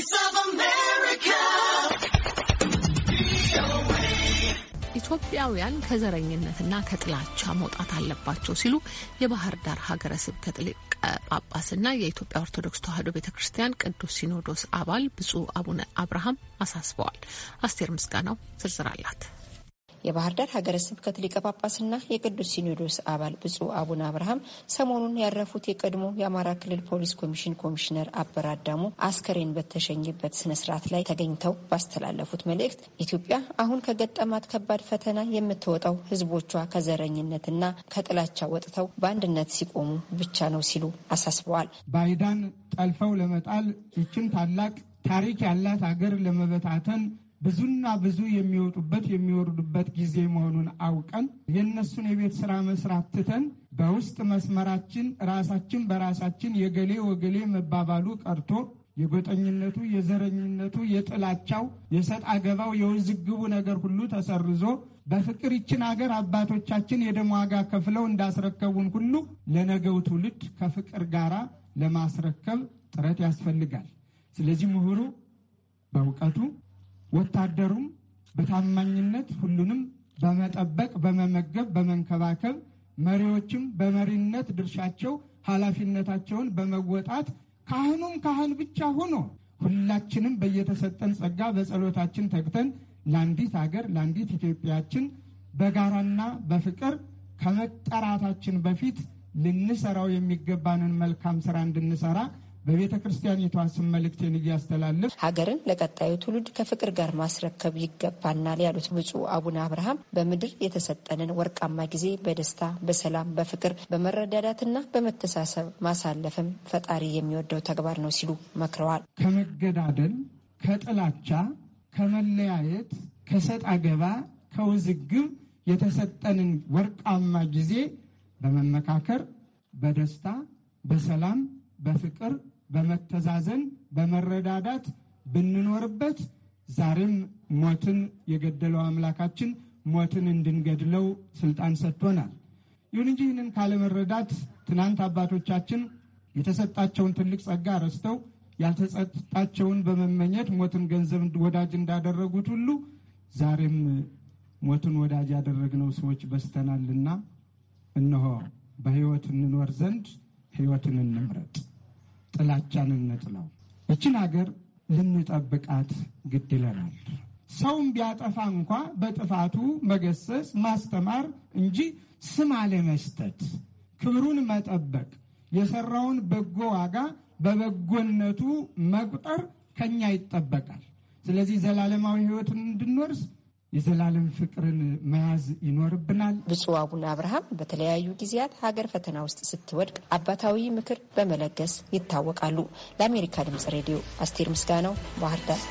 Voice of America. ኢትዮጵያውያን ከዘረኝነትና ከጥላቻ መውጣት አለባቸው ሲሉ የባህር ዳር ሀገረ ስብከት ሊቀ ጳጳስና የኢትዮጵያ ኦርቶዶክስ ተዋሕዶ ቤተ ክርስቲያን ቅዱስ ሲኖዶስ አባል ብፁዕ አቡነ አብርሃም አሳስበዋል። አስቴር ምስጋናው ዝርዝር አላት። የባህር ዳር ሀገረ ስብከት ሊቀ ጳጳስና የቅዱስ ሲኖዶስ አባል ብፁዕ አቡነ አብርሃም ሰሞኑን ያረፉት የቀድሞ የአማራ ክልል ፖሊስ ኮሚሽን ኮሚሽነር አበራዳሙ አስከሬን በተሸኘበት ስነ ስርዓት ላይ ተገኝተው ባስተላለፉት መልእክት ኢትዮጵያ አሁን ከገጠማት ከባድ ፈተና የምትወጣው ህዝቦቿ ከዘረኝነትና ከጥላቻ ወጥተው በአንድነት ሲቆሙ ብቻ ነው ሲሉ አሳስበዋል። ባይዳን ጠልፈው ለመጣል ይችን ታላቅ ታሪክ ያላት አገር ለመበታተን ብዙና ብዙ የሚወጡበት የሚወርዱበት ጊዜ መሆኑን አውቀን የእነሱን የቤት ስራ መስራት ትተን በውስጥ መስመራችን ራሳችን በራሳችን የገሌ ወገሌ መባባሉ ቀርቶ የጎጠኝነቱ፣ የዘረኝነቱ፣ የጥላቻው፣ የሰጥ አገባው፣ የውዝግቡ ነገር ሁሉ ተሰርዞ በፍቅር ይችን ሀገር አባቶቻችን የደም ዋጋ ከፍለው እንዳስረከቡን ሁሉ ለነገው ትውልድ ከፍቅር ጋር ለማስረከብ ጥረት ያስፈልጋል። ስለዚህ ምሁሩ በእውቀቱ ወታደሩም በታማኝነት ሁሉንም በመጠበቅ በመመገብ፣ በመንከባከብ መሪዎችም በመሪነት ድርሻቸው ኃላፊነታቸውን በመወጣት ካህኑም ካህን ብቻ ሆኖ ሁላችንም በየተሰጠን ጸጋ በጸሎታችን ተግተን ለአንዲት ሀገር ለአንዲት ኢትዮጵያችን በጋራና በፍቅር ከመጠራታችን በፊት ልንሰራው የሚገባንን መልካም ስራ እንድንሰራ በቤተ ክርስቲያኒቷ ስም መልእክቴን እያስተላለፍ ሀገርን ለቀጣዩ ትውልድ ከፍቅር ጋር ማስረከብ ይገባናል ያሉት ብፁዕ አቡነ አብርሃም በምድር የተሰጠንን ወርቃማ ጊዜ በደስታ፣ በሰላም፣ በፍቅር፣ በመረዳዳትና በመተሳሰብ ማሳለፍም ፈጣሪ የሚወደው ተግባር ነው ሲሉ መክረዋል። ከመገዳደል፣ ከጥላቻ፣ ከመለያየት፣ ከሰጥ አገባ፣ ከውዝግብ የተሰጠንን ወርቃማ ጊዜ በመመካከር በደስታ፣ በሰላም በፍቅር በመተዛዘን በመረዳዳት ብንኖርበት ዛሬም ሞትን የገደለው አምላካችን ሞትን እንድንገድለው ስልጣን ሰጥቶናል። ይሁን እንጂ ይህንን ካለመረዳት ትናንት አባቶቻችን የተሰጣቸውን ትልቅ ጸጋ ረስተው ያልተሰጣቸውን በመመኘት ሞትን ገንዘብ ወዳጅ እንዳደረጉት ሁሉ ዛሬም ሞትን ወዳጅ ያደረግነው ሰዎች በስተናልና እነሆ በሕይወት እንኖር ዘንድ ሕይወትን እንምረጥ። ጥላቻንን ነው። እችን ሀገር ልንጠብቃት ግድ ይለናል። ሰውም ቢያጠፋ እንኳ በጥፋቱ መገሰስ ማስተማር እንጂ ስም አለመስጠት፣ ክብሩን መጠበቅ፣ የሰራውን በጎ ዋጋ በበጎነቱ መቁጠር ከኛ ይጠበቃል። ስለዚህ ዘላለማዊ ሕይወትን እንድንወርስ የዘላለም ፍቅርን መያዝ ይኖርብናል። ብፁዕ አቡነ አብርሃም በተለያዩ ጊዜያት ሀገር ፈተና ውስጥ ስትወድቅ አባታዊ ምክር በመለገስ ይታወቃሉ። ለአሜሪካ ድምጽ ሬዲዮ አስቴር ምስጋናው ባህርዳር።